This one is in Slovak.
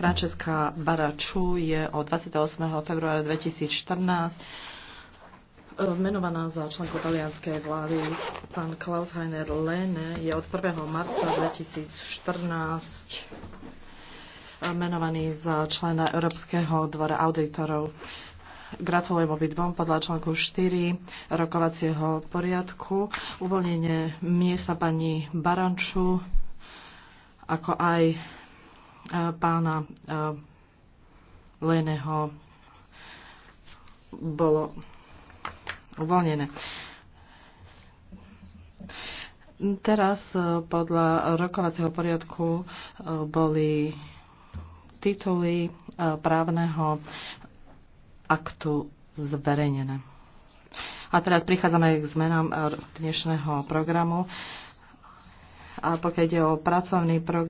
Francesca Baraču je od 28. februára 2014 e, menovaná za členku talianskej vlády. Pán Klaus Heiner Lene je od 1. marca 2014 e, menovaný za člena Európskeho dvora auditorov. Gratulujem obidvom podľa článku 4 rokovacieho poriadku. Uvoľnenie miesta pani Baranču ako aj pána Leného bolo uvoľnené. Teraz e, podľa rokovacieho poriadku e, boli tituly e, právneho aktu zverejnené. A teraz prichádzame k zmenám dnešného programu. A pokiaľ ide o pracovný program,